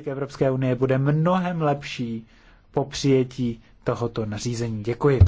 k Evropské unie bude mnohem lepší po přijetí tohoto nařízení. Děkuji.